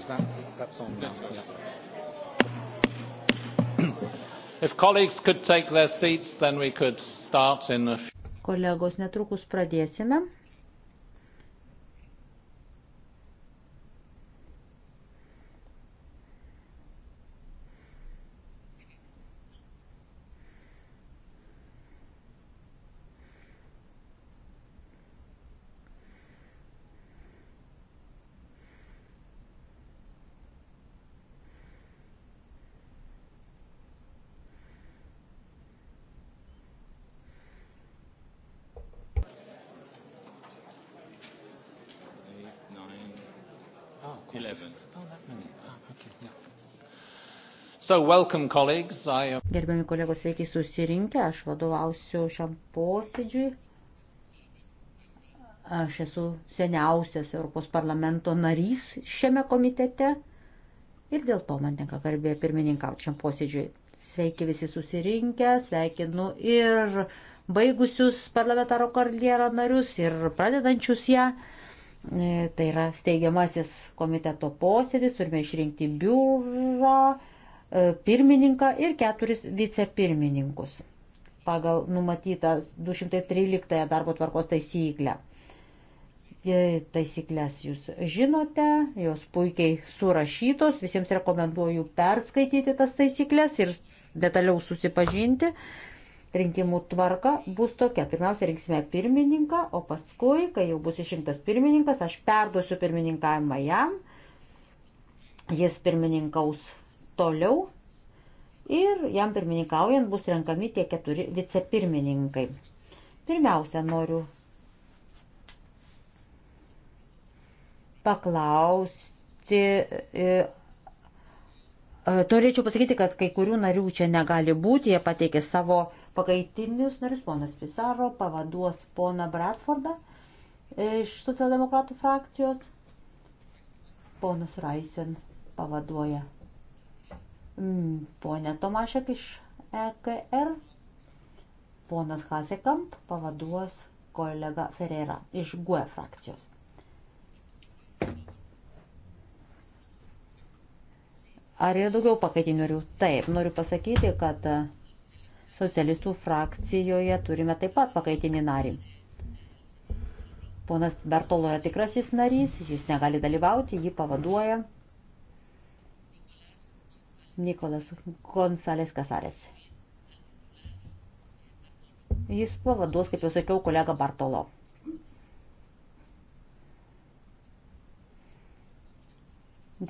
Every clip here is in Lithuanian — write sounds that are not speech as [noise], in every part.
Is that that's on? That's now. Yeah. [clears throat] If colleagues could take their seats, then we could start in a few. Kolegos, netrukus pradėsime. 11. Hmm. Ah, so welcome, colleagues. I am... Gerbiami kolegos, sveiki susirinkę, aš vadovausiu šiam posėdžiui. Aš esu seniausias Europos parlamento narys šiame komitete ir dėl to man tenka garbė pirmininkauti šiam posėdžiui. Sveiki visi susirinkę, sveikinu ir baigusius parlamentaro karjerą narius ir pradedančius ją. Ja. E, tai yra steigiamasis komiteto posėdis, turime išrinkti biurą, e, pirmininką ir keturis vicepirmininkus pagal numatytą 213 darbo tvarkos taisyklę. E, taisyklės jūs žinote, jos puikiai surašytos, visiems rekomenduoju perskaityti tas taisyklės ir detaliau susipažinti rinkimų tvarka bus tokia. Pirmiausia, rinksime pirmininką, o paskui, kai jau bus išrinktas pirmininkas, aš perduosiu pirmininkavimą jam. Jis pirmininkaus toliau ir jam pirmininkaujant bus renkami tie keturi vicepirmininkai. Pirmiausia, noriu paklausti. E, e Norėčiau pasakyti, kad kai kurių narių čia negali būti, jie pateikė savo pakaitinius narius. Ponas Pisaro pavaduos poną Bradfordą iš socialdemokratų frakcijos. Ponas Raisen pavaduoja mm, ponę Tomašek iš EKR. Ponas Hasekamp pavaduos kolega Ferreira iš GUE frakcijos. Ar yra daugiau pakaitinių narių? Taip, noriu pasakyti, kad Socialistų frakcijoje turime taip pat pakaitinį narį. Ponas Bertolo yra tikrasis narys, jis negali dalyvauti, jį pavaduoja Nikolas Gonzalės Kasarės. Jis pavaduos, kaip jau sakiau, kolega Bartolo.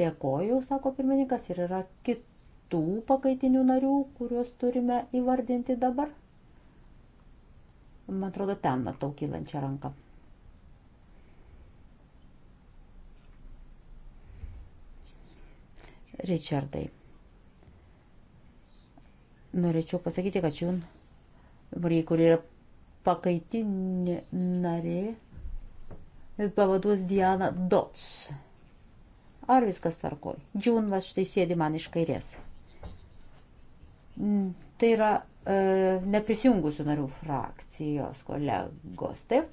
Dėkoju, sako pirmininkas, ir yra kit, tų pakaitinių narių, kuriuos turime įvardinti dabar? Man atrodo, ten matau kylančią ranką. Richardai. Norėčiau pasakyti, kad Jun Marija, kuri yra pakaitinė narė, pavaduos Diana Dots. Ar viskas tvarkoj? Džun, va štai sėdi man iš kairės. Mm. Tai yra e, neprisijungusių narių frakcijos kolegos, taip?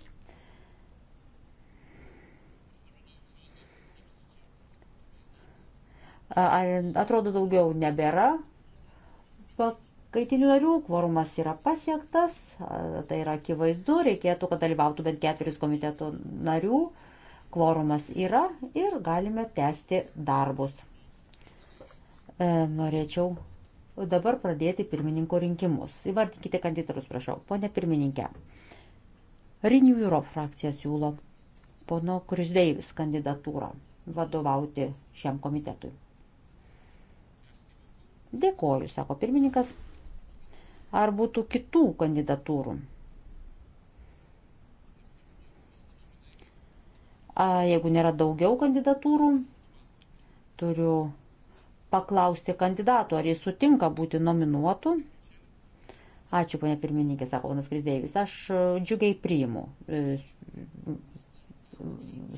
Ar atrodo daugiau nebėra pakaitinių narių, kvorumas yra pasiektas, tai yra akivaizdu, reikėtų, kad dalyvautų bent ketveris komiteto narių, kvorumas yra ir galime tęsti darbus. E, norėčiau O dabar pradėti pirmininko rinkimus. Įvardinkite kandidatus, prašau. Pone pirmininkė, Renew Europe frakcija siūlo pono Kris Deivis kandidatūrą vadovauti šiam komitetui. Dėkoju, sako pirmininkas. Ar būtų kitų kandidatūrų? A, jeigu nėra daugiau kandidatūrų, turiu paklausti kandidatų, ar jis sutinka būti nominuotų. Ačiū, ponė pirmininkė, sako ponas Krizdėvis. Aš e, džiugiai priimu e,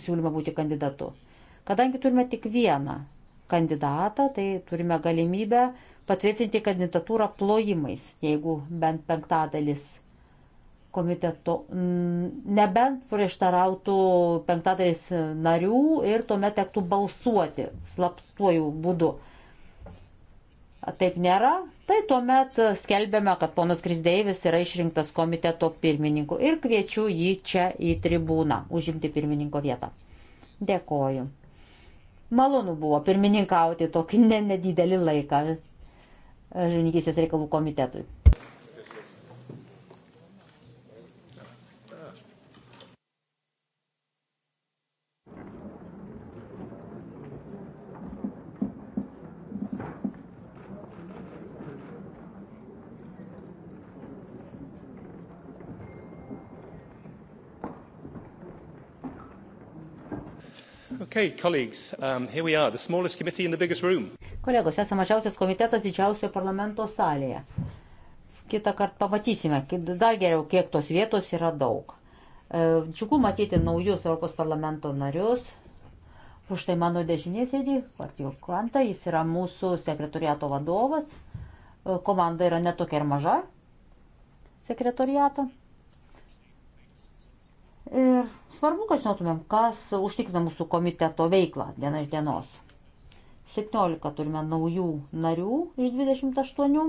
siūlymą būti kandidatu. Kadangi turime tik vieną kandidatą, tai turime galimybę patvirtinti kandidatūrą plojimais, jeigu bent penktadalis komiteto, nebent prieštarautų penktadalis narių ir tuomet tektų balsuoti slaptuoju būdu taip nėra, tai tuomet skelbėme, kad ponas Krisdeivis yra išrinktas komiteto pirmininku ir kviečiu jį čia į tribūną užimti pirmininko vietą. Dėkoju. Malonu buvo pirmininkauti tokį nedidelį laiką žuvininkystės reikalų komitetui. Okay, colleagues, um, here we are, the smallest committee in the biggest room. Kolegos, esame mažiausias komitetas didžiausioje parlamento salėje. Kita kartą pamatysime, dar geriau, kiek tos vietos yra daug. E, džiugu matyti naujus Europos parlamento narius. Už tai mano dešinė sėdi Partijo Kranta, jis yra mūsų sekretoriato vadovas. E, komanda yra netokia ir maža sekretoriato. Ir e, Svarbu, kad žinotumėm, kas užtikrina mūsų komiteto veiklą diena iš dienos. 17 turime naujų narių iš 28.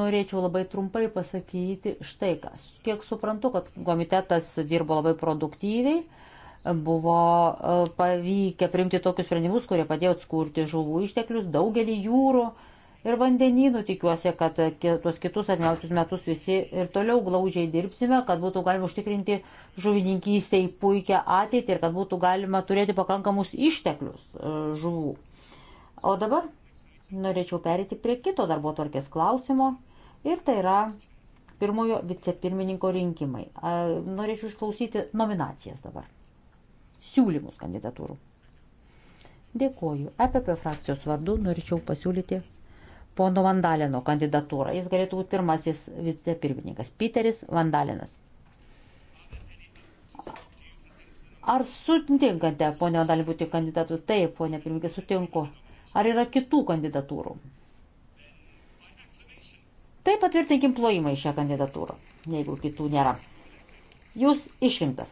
Norėčiau labai trumpai pasakyti štai kas. Kiek suprantu, kad komitetas dirbo labai produktyviai, buvo e, pavykę priimti tokius sprendimus, kurie padėjo atskurti žuvų išteklius daugelį jūrų ir vandenynų. Tikiuosi, kad tuos kitus atmiausius metus visi ir toliau glaužiai dirbsime, kad būtų galima užtikrinti žuvininkystėj puikią ateitį ir kad būtų galima turėti pakankamus išteklius e, žuvų. O dabar norėčiau perėti prie kito darbo tvarkės klausimo ir tai yra pirmojo vicepirmininko rinkimai. Norėčiau išklausyti nominacijas dabar. Siūlymus kandidatūrų. Dėkoju. EPP frakcijos vardu norėčiau pasiūlyti pono Vandalino kandidatūrą. Jis galėtų būti pirmasis vicepirmininkas. Piteris Vandalinas. Ar sutinkate, ponio Vandalin, būti kandidatu? Taip, ponė pirmininkė, sutinku. Ar yra kitų kandidatūrų? Tai patvirtinkim plojimą į šią kandidatūrą, jeigu kitų nėra. Jūs išrinktas.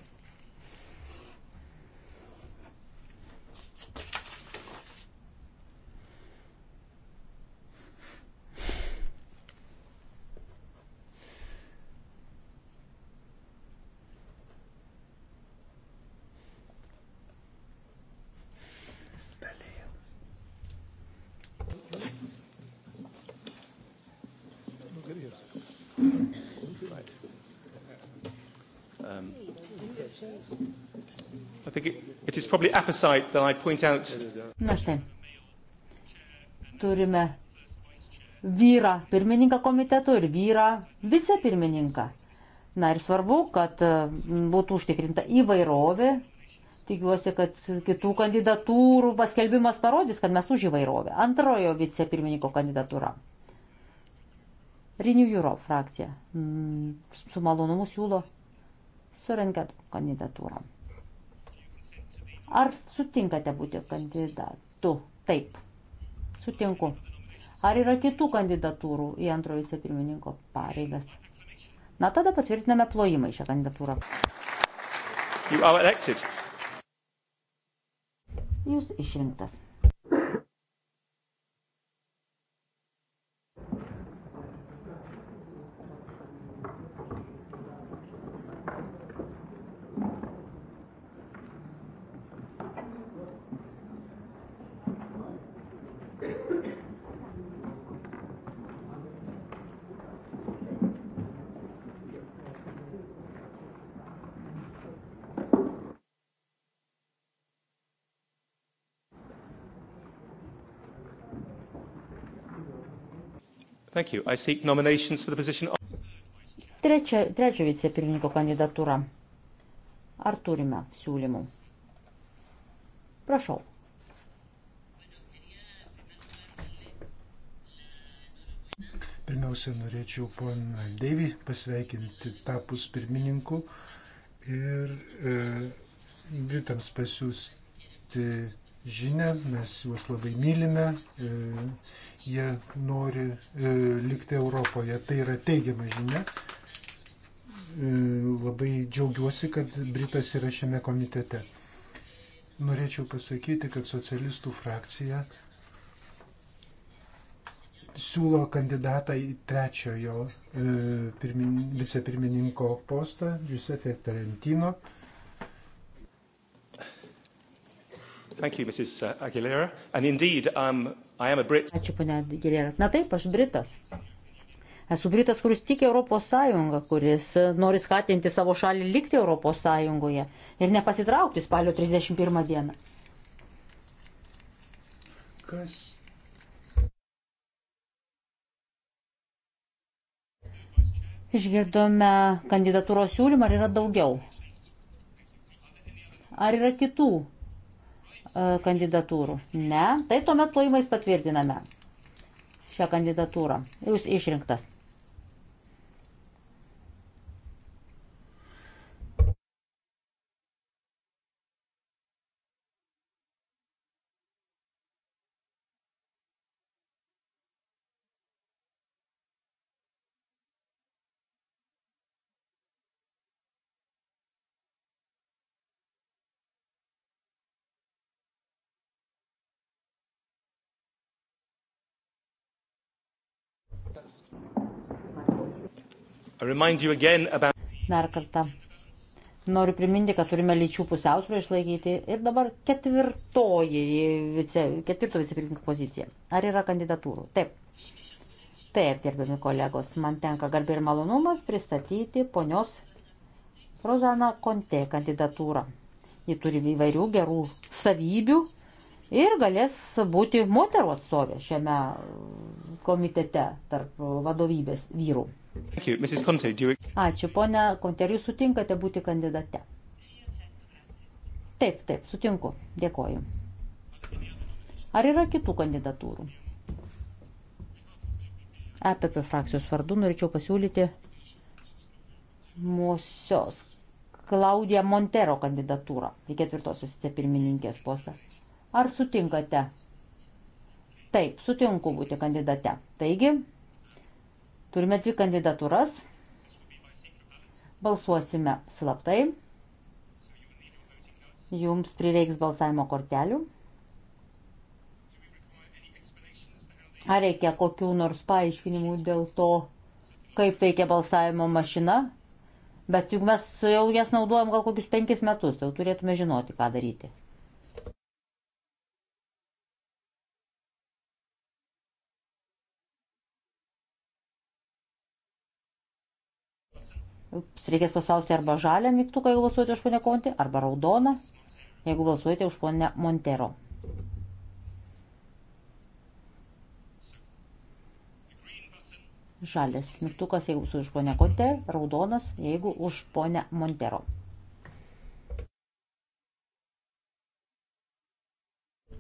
I think it, it is probably apposite that I point out. Na štai. Turime vyrą pirmininką komiteto ir vyrą vicepirmininką. Na ir svarbu, kad mm, būtų užtikrinta įvairovė. Tikiuosi, kad kitų kandidatūrų paskelbimas parodys, kad mes už įvairovę. Antrojo vicepirmininko kandidatūra. Renew Europe frakcija mm, su malonumu siūlo surenkat kandidatūrą. Ar sutinkate būti kandidatu? Taip. Sutinku. Ar yra kitų kandidatūrų į antrojo vicepirmininko pareigas? Na tada patvirtiname plojimą į šią kandidatūrą. Jūs išrinktas. Thank you. I seek nominations for the position of... Trečia, trečio vicepirmininko kandidatūra. Ar turime siūlymų? Prašau. Pirmiausia, norėčiau poną Deivį pasveikinti tapus pirmininku ir e, Britams pasiūsti žinę, mes juos labai mylime, e, jie nori e, likti Europoje. Tai yra teigiama žinia. E, labai džiaugiuosi, kad Britas yra šiame komitete. Norėčiau pasakyti, kad socialistų frakcija siūlo kandidatą į trečiojo e, pirmin, vicepirmininko postą, Giuseppe Tarantino. E, Thank you, Mrs. Uh, Aguilera. And indeed, um, I am a Brit. Ačiū, ponia Aguilera. Na taip, aš Britas. Esu Britas, kuris tiki Europos Sąjungą, kuris uh, nori skatinti savo šalį likti Europos Sąjungoje ir nepasitraukti spalio 31 dieną. Kas? Išgirdome kandidatūros siūlymą, ar yra daugiau? Ar yra kitų E, kandidatūrų? Ne. Tai tuomet plojimais patvirtiname šią kandidatūrą. Jūs išrinktas. Dar kartą. Noriu priminti, kad turime lyčių pusiausvyrą išlaikyti ir dabar ketvirtoji vice, ketvirto vicepirmininko pozicija. Ar yra kandidatūrų? Taip. Taip, gerbiami kolegos, man tenka garbė ir malonumas pristatyti ponios Rozana Konte kandidatūrą. Ji turi įvairių gerų savybių, ir galės būti moterų atstovė šiame komitete tarp vadovybės vyrų. Ačiū, ponia Konter, jūs sutinkate būti kandidate? Taip, taip, sutinku. Dėkoju. Ar yra kitų kandidatūrų? EPP frakcijos vardu norėčiau pasiūlyti mūsios Klaudiją Montero kandidatūrą į ketvirtosios vicepirmininkės postą. Ar sutinkate? Taip, sutinku būti kandidate. Taigi, turime dvi kandidatūras. Balsuosime slaptai. Jums prireiks balsavimo kortelių. Ar reikia kokių nors paaiškinimų dėl to, kaip veikia balsavimo mašina? Bet juk mes jau jas naudojam gal kokius penkis metus, tai jau turėtume žinoti, ką daryti. reikės pasausti arba žalią mygtuką, jeigu balsuojate už ponę Kontį, arba raudoną, jeigu balsuojate už ponę Montero. Žalės mygtukas, jeigu balsuojate už ponę Kontę, raudonas, jeigu už ponę Montero.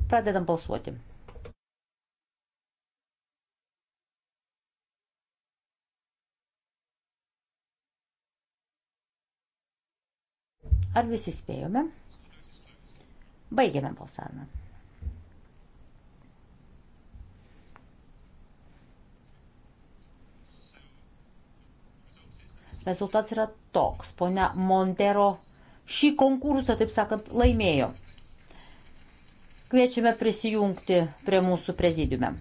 Pradedam balsuoti. Ar visi spėjome? Baigėme balsavimą. Rezultats yra toks. Pone Montero šį konkursą, taip sakant, laimėjo. Kviečiame prisijungti prie mūsų prezidiume.